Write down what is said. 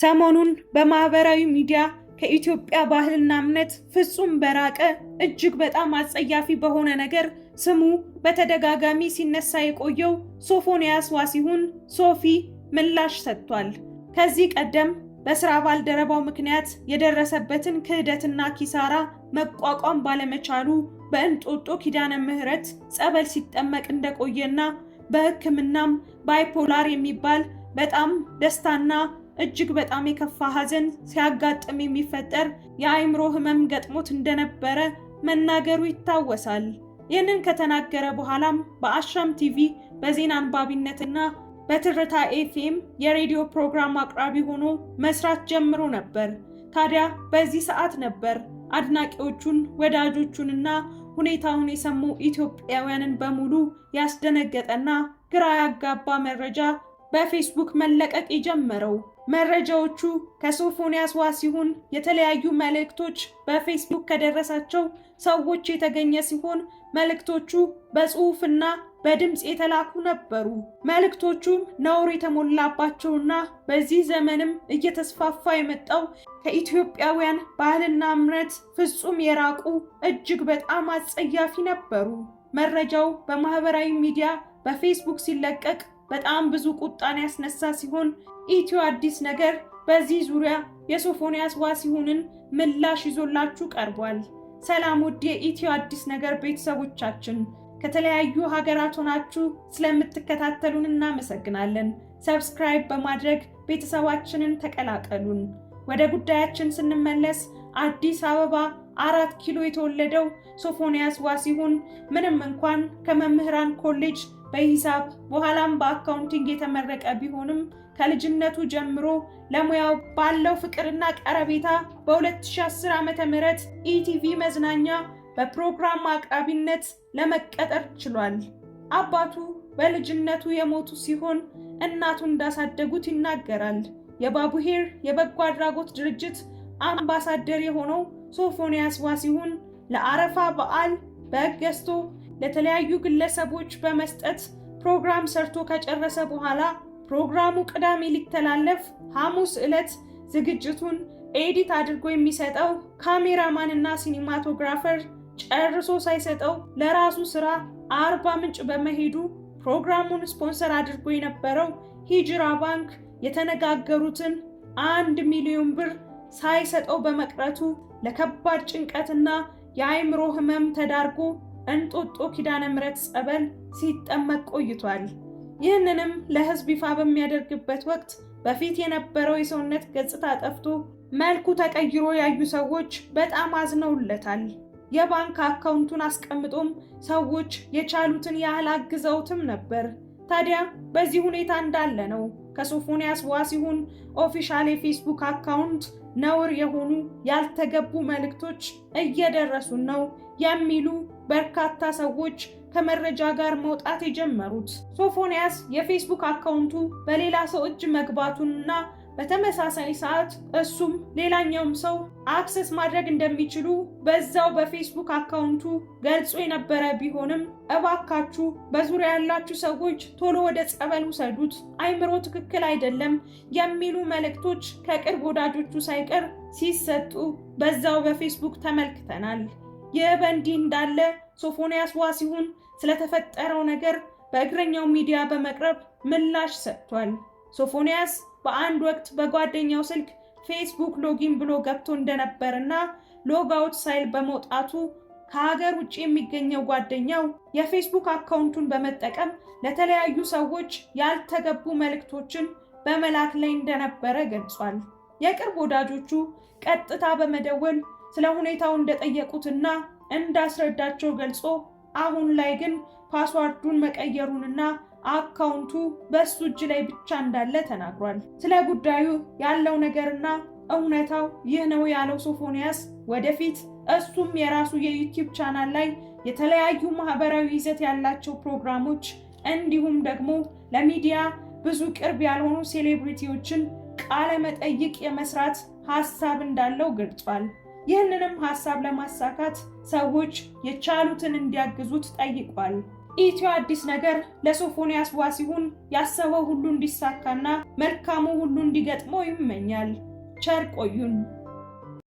ሰሞኑን በማህበራዊ ሚዲያ ከኢትዮጵያ ባህልና እምነት ፍጹም በራቀ እጅግ በጣም አጸያፊ በሆነ ነገር ስሙ በተደጋጋሚ ሲነሳ የቆየው ሶፎንያስ ዋሲሁን ሶፊ ምላሽ ሰጥቷል። ከዚህ ቀደም በስራ ባልደረባው ምክንያት የደረሰበትን ክህደትና ኪሳራ መቋቋም ባለመቻሉ በእንጦጦ ኪዳነ ምሕረት ጸበል ሲጠመቅ እንደቆየና በሕክምናም ባይፖላር የሚባል በጣም ደስታና እጅግ በጣም የከፋ ሐዘን ሲያጋጥም የሚፈጠር የአእምሮ ህመም ገጥሞት እንደነበረ መናገሩ ይታወሳል። ይህንን ከተናገረ በኋላም በአሻም ቲቪ በዜና አንባቢነትና በትርታ ኤፍኤም የሬዲዮ ፕሮግራም አቅራቢ ሆኖ መስራት ጀምሮ ነበር። ታዲያ በዚህ ሰዓት ነበር አድናቂዎቹን ወዳጆቹንና ሁኔታውን የሰሙ ኢትዮጵያውያንን በሙሉ ያስደነገጠና ግራ ያጋባ መረጃ በፌስቡክ መለቀቅ የጀመረው። መረጃዎቹ ከሶፎንያስ ሲሆን የተለያዩ መልእክቶች በፌስቡክ ከደረሳቸው ሰዎች የተገኘ ሲሆን መልእክቶቹ በጽሑፍና በድምፅ የተላኩ ነበሩ። መልእክቶቹም ነውር የተሞላባቸውና በዚህ ዘመንም እየተስፋፋ የመጣው ከኢትዮጵያውያን ባህልና እምነት ፍጹም የራቁ እጅግ በጣም አጸያፊ ነበሩ። መረጃው በማህበራዊ ሚዲያ በፌስቡክ ሲለቀቅ በጣም ብዙ ቁጣን ያስነሳ ሲሆን ኢትዮ አዲስ ነገር በዚህ ዙሪያ የሶፎንያስ ዋሲሁንን ምላሽ ይዞላችሁ ቀርቧል። ሰላም ውድ የኢትዮ አዲስ ነገር ቤተሰቦቻችን ከተለያዩ ሀገራት ሆናችሁ ስለምትከታተሉን እናመሰግናለን። ሰብስክራይብ በማድረግ ቤተሰባችንን ተቀላቀሉን። ወደ ጉዳያችን ስንመለስ አዲስ አበባ አራት ኪሎ የተወለደው ሶፎንያስ ዋሲሁን ምንም እንኳን ከመምህራን ኮሌጅ በሂሳብ በኋላም በአካውንቲንግ የተመረቀ ቢሆንም ከልጅነቱ ጀምሮ ለሙያው ባለው ፍቅርና ቀረቤታ በ2010 ም ኢቲቪ መዝናኛ በፕሮግራም አቅራቢነት ለመቀጠር ችሏል። አባቱ በልጅነቱ የሞቱ ሲሆን እናቱ እንዳሳደጉት ይናገራል። የባቡሄር የበጎ አድራጎት ድርጅት አምባሳደር የሆነው ሶፎንያስ ዋሲሁን ለአረፋ በዓል በግ ገዝቶ ለተለያዩ ግለሰቦች በመስጠት ፕሮግራም ሰርቶ ከጨረሰ በኋላ ፕሮግራሙ ቅዳሜ ሊተላለፍ ሐሙስ ዕለት ዝግጅቱን ኤዲት አድርጎ የሚሰጠው ካሜራማን እና ሲኒማቶግራፈር ጨርሶ ሳይሰጠው ለራሱ ስራ አርባ ምንጭ በመሄዱ ፕሮግራሙን ስፖንሰር አድርጎ የነበረው ሂጅራ ባንክ የተነጋገሩትን አንድ ሚሊዮን ብር ሳይሰጠው በመቅረቱ ለከባድ ጭንቀትና የአይምሮ ህመም ተዳርጎ እንጦጦ ኪዳነ ምሕረት ጸበል ሲጠመቅ ቆይቷል። ይህንንም ለሕዝብ ይፋ በሚያደርግበት ወቅት በፊት የነበረው የሰውነት ገጽታ ጠፍቶ መልኩ ተቀይሮ ያዩ ሰዎች በጣም አዝነውለታል። የባንክ አካውንቱን አስቀምጦም ሰዎች የቻሉትን ያህል አግዘውትም ነበር። ታዲያ በዚህ ሁኔታ እንዳለ ነው ከሶፎንያስ ሲሆን ኦፊሻል የፌስቡክ አካውንት ነውር የሆኑ ያልተገቡ መልእክቶች እየደረሱን ነው የሚሉ በርካታ ሰዎች ከመረጃ ጋር መውጣት የጀመሩት ሶፎንያስ የፌስቡክ አካውንቱ በሌላ ሰው እጅ መግባቱንና በተመሳሳይ ሰዓት እሱም ሌላኛውም ሰው አክሰስ ማድረግ እንደሚችሉ በዛው በፌስቡክ አካውንቱ ገልጾ የነበረ ቢሆንም እባካችሁ በዙሪያ ያላችሁ ሰዎች ቶሎ ወደ ጸበል ውሰዱት፣ አይምሮ ትክክል አይደለም የሚሉ መልእክቶች ከቅርብ ወዳጆቹ ሳይቀር ሲሰጡ በዛው በፌስቡክ ተመልክተናል። ይህ በእንዲህ እንዳለ ሶፎንያስ ዋሲሁን ስለተፈጠረው ነገር በእግረኛው ሚዲያ በመቅረብ ምላሽ ሰጥቷል። ሶፎንያስ በአንድ ወቅት በጓደኛው ስልክ ፌስቡክ ሎጊን ብሎ ገብቶ እንደነበርና ሎግ አውት ሳይል በመውጣቱ ከሀገር ውጭ የሚገኘው ጓደኛው የፌስቡክ አካውንቱን በመጠቀም ለተለያዩ ሰዎች ያልተገቡ መልእክቶችን በመላክ ላይ እንደነበረ ገልጿል። የቅርብ ወዳጆቹ ቀጥታ በመደወል ስለ ሁኔታው እንደጠየቁትና እንዳስረዳቸው ገልጾ አሁን ላይ ግን ፓስዋርዱን መቀየሩንና አካውንቱ በእሱ እጅ ላይ ብቻ እንዳለ ተናግሯል። ስለ ጉዳዩ ያለው ነገርና እውነታው ይህ ነው ያለው ሶፎንያስ ወደፊት እሱም የራሱ የዩቲዩብ ቻናል ላይ የተለያዩ ማህበራዊ ይዘት ያላቸው ፕሮግራሞች እንዲሁም ደግሞ ለሚዲያ ብዙ ቅርብ ያልሆኑ ሴሌብሪቲዎችን ቃለ መጠይቅ የመስራት ሀሳብ እንዳለው ገልጿል። ይህንንም ሀሳብ ለማሳካት ሰዎች የቻሉትን እንዲያግዙት ጠይቋል። ኢትዮ አዲስ ነገር ለሶፎንያስ ሲሆን ያሰበው ሁሉ እንዲሳካና መልካሙ ሁሉ እንዲገጥመው ይመኛል። ቸር ቆዩን።